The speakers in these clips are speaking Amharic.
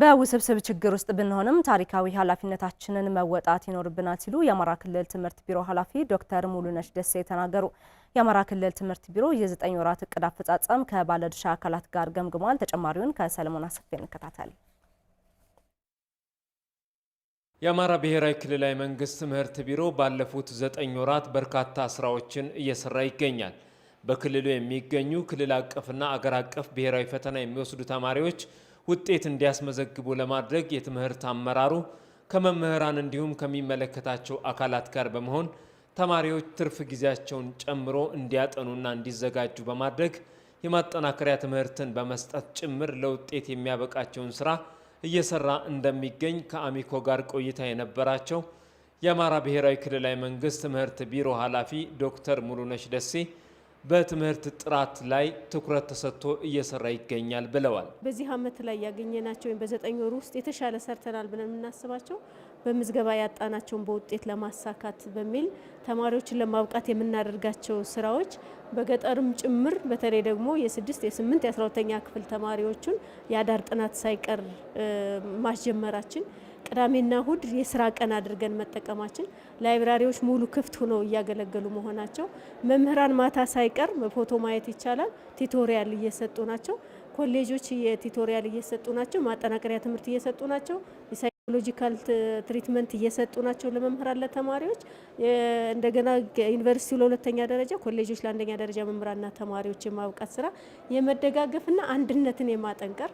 በውስብስብ ችግር ውስጥ ብንሆንም ታሪካዊ ኃላፊነታችንን መወጣት ይኖርብናል ሲሉ የአማራ ክልል ትምህርት ቢሮ ኃላፊ ዶክተር ሙሉነሽ ደሴ ተናገሩ። የአማራ ክልል ትምህርት ቢሮ የዘጠኝ ወራት እቅድ አፈጻጸም ከባለድርሻ አካላት ጋር ገምግሟል። ተጨማሪውን ከሰለሞን አሰፌ እንከታተል። የአማራ ብሔራዊ ክልላዊ መንግስት ትምህርት ቢሮ ባለፉት ዘጠኝ ወራት በርካታ ስራዎችን እየሰራ ይገኛል። በክልሉ የሚገኙ ክልል አቀፍና አገር አቀፍ ብሔራዊ ፈተና የሚወስዱ ተማሪዎች ውጤት እንዲያስመዘግቡ ለማድረግ የትምህርት አመራሩ ከመምህራን እንዲሁም ከሚመለከታቸው አካላት ጋር በመሆን ተማሪዎች ትርፍ ጊዜያቸውን ጨምሮ እንዲያጠኑና እንዲዘጋጁ በማድረግ የማጠናከሪያ ትምህርትን በመስጠት ጭምር ለውጤት የሚያበቃቸውን ስራ እየሰራ እንደሚገኝ ከአሚኮ ጋር ቆይታ የነበራቸው የአማራ ብሔራዊ ክልላዊ መንግስት ትምህርት ቢሮ ኃላፊ ዶክተር ሙሉነሽ ደሴ በትምህርት ጥራት ላይ ትኩረት ተሰጥቶ እየሰራ ይገኛል ብለዋል። በዚህ ዓመት ላይ ያገኘናቸው ወይም በዘጠኝ ወር ውስጥ የተሻለ ሰርተናል ብለን የምናስባቸው በምዝገባ ያጣናቸውን በውጤት ለማሳካት በሚል ተማሪዎችን ለማብቃት የምናደርጋቸው ስራዎች በገጠርም ጭምር በተለይ ደግሞ የስድስት የስምንት የአስራ ሁለተኛ ክፍል ተማሪዎቹን የአዳር ጥናት ሳይቀር ማስጀመራችን ቅዳሜና እሁድ የስራ ቀን አድርገን መጠቀማችን፣ ላይብራሪዎች ሙሉ ክፍት ሆነው እያገለገሉ መሆናቸው፣ መምህራን ማታ ሳይቀር በፎቶ ማየት ይቻላል ቲቶሪያል እየሰጡ ናቸው። ኮሌጆች የቲቶሪያል እየሰጡ ናቸው። ማጠናቀሪያ ትምህርት እየሰጡ ናቸው። ሎጂካል ትሪትመንት እየሰጡ ናቸው ለመምህራን ለተማሪዎች። እንደገና ዩኒቨርሲቲው ለሁለተኛ ደረጃ ኮሌጆች ለአንደኛ ደረጃ መምህራንና ተማሪዎች የማብቃት ስራ የመደጋገፍና አንድነትን የማጠንቀር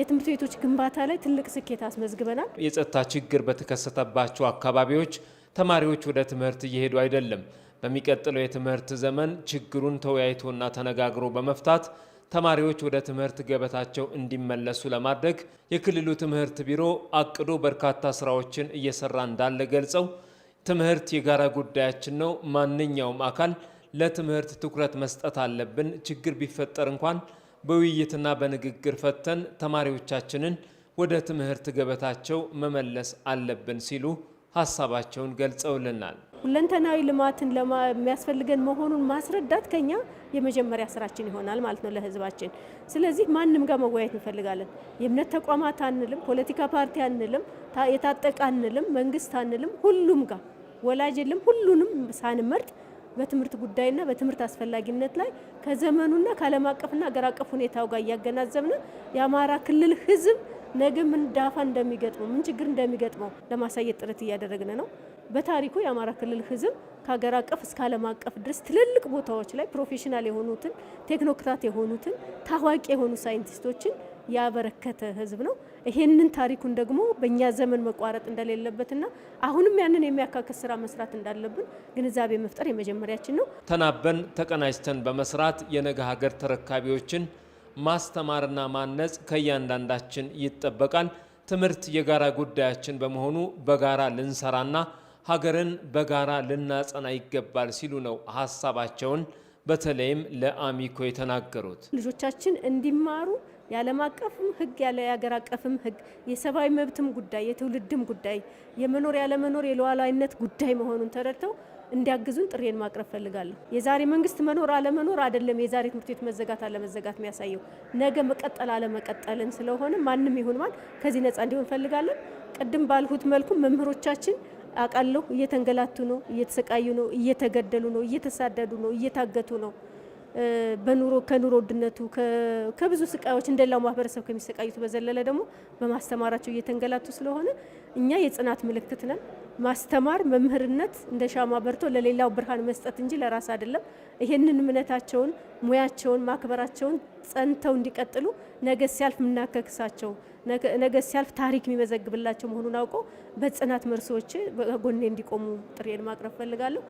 የትምህርት ቤቶች ግንባታ ላይ ትልቅ ስኬት አስመዝግበናል። የጸጥታ ችግር በተከሰተባቸው አካባቢዎች ተማሪዎች ወደ ትምህርት እየሄዱ አይደለም። በሚቀጥለው የትምህርት ዘመን ችግሩን ተወያይቶና ተነጋግሮ በመፍታት ተማሪዎች ወደ ትምህርት ገበታቸው እንዲመለሱ ለማድረግ የክልሉ ትምህርት ቢሮ አቅዶ በርካታ ስራዎችን እየሰራ እንዳለ ገልጸው ትምህርት የጋራ ጉዳያችን ነው፣ ማንኛውም አካል ለትምህርት ትኩረት መስጠት አለብን፣ ችግር ቢፈጠር እንኳን በውይይትና በንግግር ፈተን ተማሪዎቻችንን ወደ ትምህርት ገበታቸው መመለስ አለብን ሲሉ ሀሳባቸውን ገልጸውልናል። ሁለንተናዊ ልማትን የሚያስፈልገን መሆኑን ማስረዳት ከኛ የመጀመሪያ ስራችን ይሆናል ማለት ነው ለህዝባችን። ስለዚህ ማንም ጋር መወያየት እንፈልጋለን። የእምነት ተቋማት አንልም፣ ፖለቲካ ፓርቲ አንልም፣ የታጠቀ አንልም፣ መንግስት አንልም፣ ሁሉም ጋር ወላጅ የለም፣ ሁሉንም ሳንመርጥ በትምህርት ጉዳይና በትምህርት አስፈላጊነት ላይ ከዘመኑና ከዓለም አቀፍና አገር አቀፍ ሁኔታው ጋር እያገናዘብን የአማራ ክልል ህዝብ ነገ ምን ዳፋ እንደሚገጥመው ምን ችግር እንደሚገጥመው ለማሳየት ጥረት እያደረግን ነው። በታሪኩ የአማራ ክልል ህዝብ ከሀገር አቀፍ እስከ ዓለም አቀፍ ድረስ ትልልቅ ቦታዎች ላይ ፕሮፌሽናል የሆኑትን ቴክኖክራት የሆኑትን ታዋቂ የሆኑ ሳይንቲስቶችን ያበረከተ ህዝብ ነው። ይሄንን ታሪኩን ደግሞ በእኛ ዘመን መቋረጥ እንደሌለበትና አሁንም ያንን የሚያካክስ ስራ መስራት እንዳለብን ግንዛቤ መፍጠር የመጀመሪያችን ነው። ተናበን ተቀናጅተን በመስራት የነገ ሀገር ተረካቢዎችን ማስተማርና ማነጽ ከእያንዳንዳችን ይጠበቃል። ትምህርት የጋራ ጉዳያችን በመሆኑ በጋራ ልንሰራና ሀገርን በጋራ ልናጸና ይገባል ሲሉ ነው ሀሳባቸውን በተለይም ለአሚኮ የተናገሩት። ልጆቻችን እንዲማሩ የዓለም አቀፍም ህግ ያለ የሀገር አቀፍም ህግ የሰብአዊ መብትም ጉዳይ የትውልድም ጉዳይ የመኖር ያለመኖር የሉዓላዊነት ጉዳይ መሆኑን ተረድተው እንዲያግዙን ጥሬን ማቅረብ ፈልጋለሁ። የዛሬ መንግስት መኖር አለመኖር አይደለም የዛሬ ትምህርት ቤት መዘጋት አለመዘጋት የሚያሳየው ነገ መቀጠል አለመቀጠልን ስለሆነ ማንም ይሁን ማን ከዚህ ነፃ እንዲሆን ፈልጋለን። ቅድም ባልሁት መልኩ መምህሮቻችን አውቃለሁ። እየተንገላቱ ነው፣ እየተሰቃዩ ነው፣ እየተገደሉ ነው፣ እየተሳደዱ ነው፣ እየታገቱ ነው። በኑሮ ከኑሮ ውድነቱ ከብዙ ስቃዮች እንደላው ማህበረሰብ ከሚሰቃዩት በዘለለ ደግሞ በማስተማራቸው እየተንገላቱ ስለሆነ እኛ የጽናት ምልክት ነን። ማስተማር መምህርነት እንደ ሻማ በርቶ ለሌላው ብርሃን መስጠት እንጂ ለራስ አይደለም። ይሄንን እምነታቸውን፣ ሙያቸውን፣ ማክበራቸውን ጸንተው እንዲቀጥሉ ነገ ሲያልፍ የምናከክሳቸው ነገ ሲያልፍ ታሪክ የሚመዘግብላቸው መሆኑን አውቀው በጽናት መርሶዎች ጎኔ እንዲቆሙ ጥሬን ማቅረብ ፈልጋለሁ።